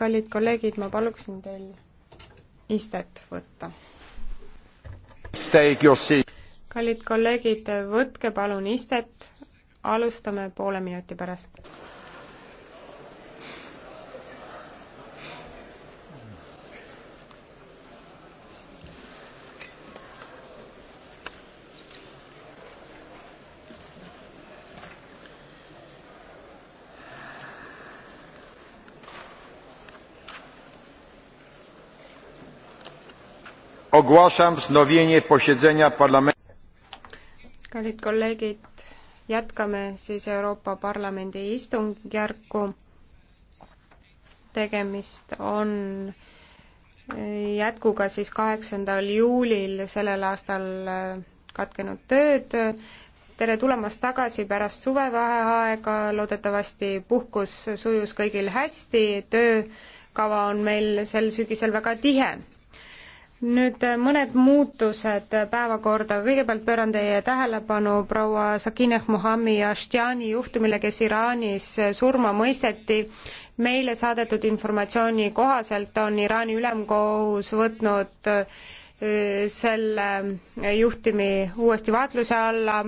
kallid kolleegid, ma paluksin teil istet võtta. kallid kolleegid, võtke palun istet, alustame poole minuti pärast. Ogłaszam wznowienie posiedzenia parlamentu. Kallid kolleegid, jätkame siis Euroopa Parlamendi istungjärku. Tegemist on jätkuga siis 8. juulil sellel aastal äh, katkenud tööd. Tere tulemast tagasi pärast suvevaheaega. Loodetavasti puhkus sujus kõigil hästi. Töökava on meil sel sügisel väga tihe nüüd äh, mõned muutused päevakorda, kõigepealt pööran teie tähelepanu proua Sakineh Muhami Ashtiani juhtumile, kes Iraanis äh, surma mõisteti. meile saadetud informatsiooni kohaselt on Iraani ülemkohus võtnud äh, selle juhtumi uuesti vaatluse alla,